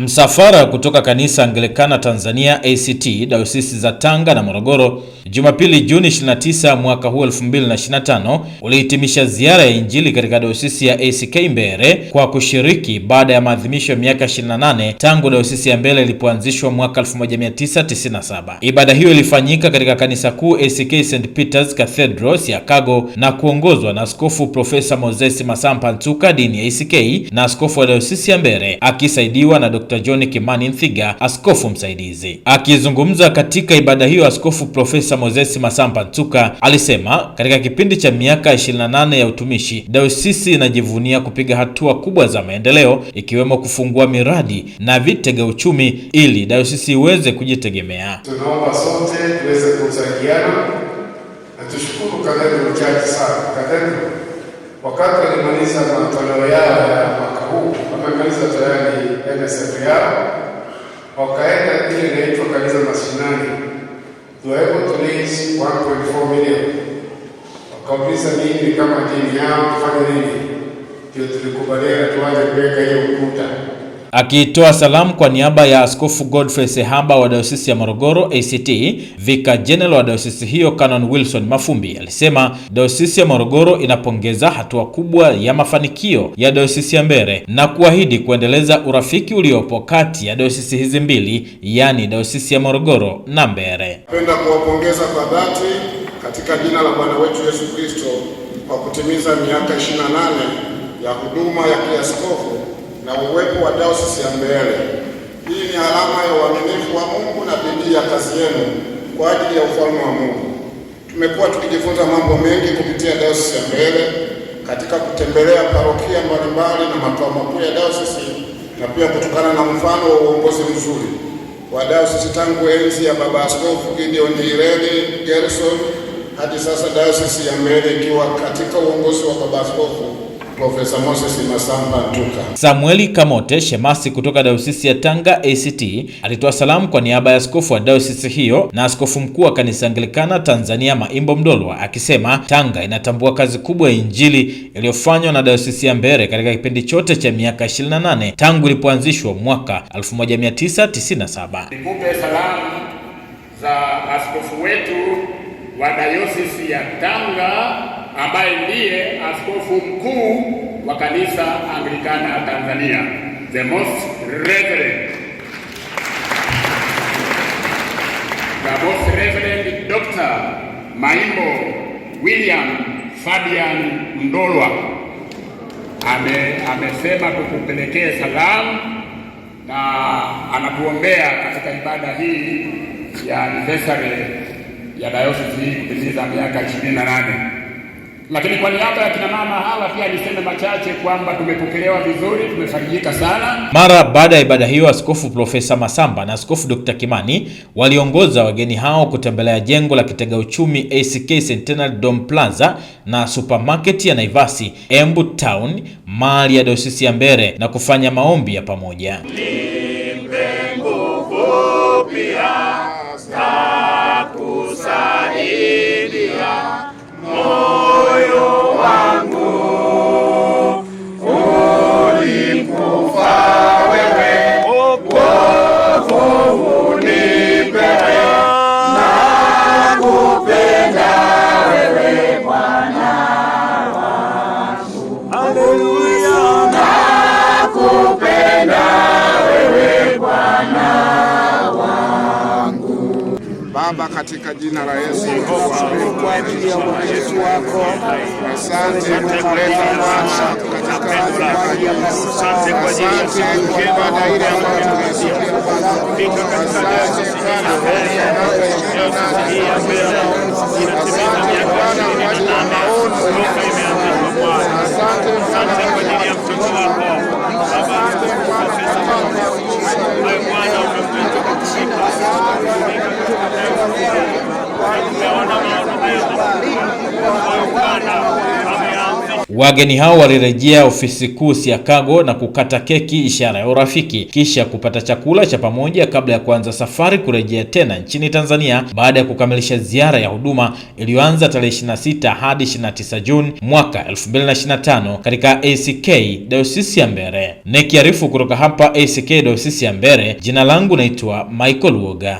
Msafara kutoka kanisa Anglikana Tanzania ACT dayosisi za Tanga na Morogoro Jumapili Juni 29 mwaka huu 2025 ulihitimisha ziara ya Injili katika dayosisi ya ACK Mbeere kwa kushiriki baada ya maadhimisho ya miaka 28 tangu dayosisi ya Mbeere ilipoanzishwa mwaka 1997. Ibada hiyo ilifanyika katika kanisa kuu ACK St Peters Cathedral Siakago na kuongozwa na Askofu Profesa Moses Masampa Ntuka dini ya ACK na askofu wa dayosisi ya Mbeere akisaidiwa na Dr. John Kimani Nthiga, askofu msaidizi. Akizungumza katika ibada hiyo, Askofu Profesa Moses Masamba Ntuka alisema katika kipindi cha miaka 28 ya utumishi, dayosisi inajivunia kupiga hatua kubwa za maendeleo ikiwemo kufungua miradi na vitega uchumi ili dayosisi iweze kujitegemea. Tunaomba sote tuweze kusaidiana na tushukuru kadari uchache sana kadari wakati walimaliza matoleo yao wakavumilia, wakauliza nini kama dini yao nini, ndio tulikubaliana tuanze kuweka hiyo ukuta. Akitoa salamu kwa niaba ya Askofu Godfrey Sehaba wa Dayosisi ya Morogoro ACT, vika General wa Dayosisi hiyo Canon Wilson Mafumbi alisema Dayosisi ya Morogoro inapongeza hatua kubwa ya mafanikio ya Dayosisi ya Mbeere na kuahidi kuendeleza urafiki uliopo kati ya dayosisi hizi mbili, yaani Dayosisi ya Morogoro na Mbeere. Napenda kuwapongeza kwa dhati katika jina la Bwana wetu Yesu Kristo kwa kutimiza miaka 28 ya huduma ya kiaskofu na uwepo wa Dayosisi ya Mbeere. Hii ni alama ya uaminifu wa Mungu na bidii ya kazi yenu kwa ajili ya ufalme wa Mungu. Tumekuwa tukijifunza mambo mengi kupitia Dayosisi ya Mbeere katika kutembelea parokia mbalimbali na makao makuu ya dayosisi na pia kutokana na mfano wa uongozi mzuri wa dayosisi tangu enzi ya Baba Askofu Gideon Irene Gerson hadi sasa dayosisi ya Mbeere ikiwa katika uongozi wa baba askofu Profesa Moses Masamba Ntuka. Samueli Kamote Shemasi kutoka dayosisi ya Tanga ACT alitoa salamu kwa niaba ya askofu wa dayosisi hiyo na askofu mkuu wa kanisa Anglikana Tanzania Maimbo Mdolwa akisema Tanga inatambua kazi kubwa ya injili iliyofanywa na dayosisi ya Mbeere katika kipindi chote cha miaka 28 tangu ilipoanzishwa mwaka 1997. Nikupe salamu za askofu wetu wa dayosisi ya Tanga ambaye ndiye askofu mkuu wa kanisa Anglikana Tanzania, the most reverend the most reverend Dr. Maimbo William Fabian Ndolwa ame, amesema tukupelekee salamu na anatuombea katika ibada hii ya anniversary ya dayosisi hii kutimiza miaka ishirini na nane. Lakini kwa niaba ya kina mama hawa pia niseme machache kwamba tumepokelewa vizuri, tumefarijika sana. Mara baada ya ibada hiyo, Askofu Profesa Masamba na Askofu Dr. Kimani waliongoza wageni hao kutembelea jengo la kitega uchumi ACK Centenary Dome Plaza na supermarket ya Naivasi Embu Town, mali ya dayosisi ya Mbeere na kufanya maombi ya pamoja. Nimpe nguvu pia Maria, Maria. Baba, katika jina la Yesu, kwa ajili ya uamuzi wako, asante kuleta mwana katika ya ajili ibada ile ambayo tumesikia, asante Wageni hao walirejea ofisi kuu Siakago na kukata keki, ishara ya urafiki, kisha kupata chakula cha pamoja kabla ya kuanza safari kurejea tena nchini Tanzania baada ya kukamilisha ziara ya huduma iliyoanza tarehe 26 hadi 29 Juni mwaka 2025 katika ACK Dayosisi ya Mbeere. Nikiarifu kutoka hapa ACK Dayosisi ya Mbeere, jina langu naitwa Michael Woga.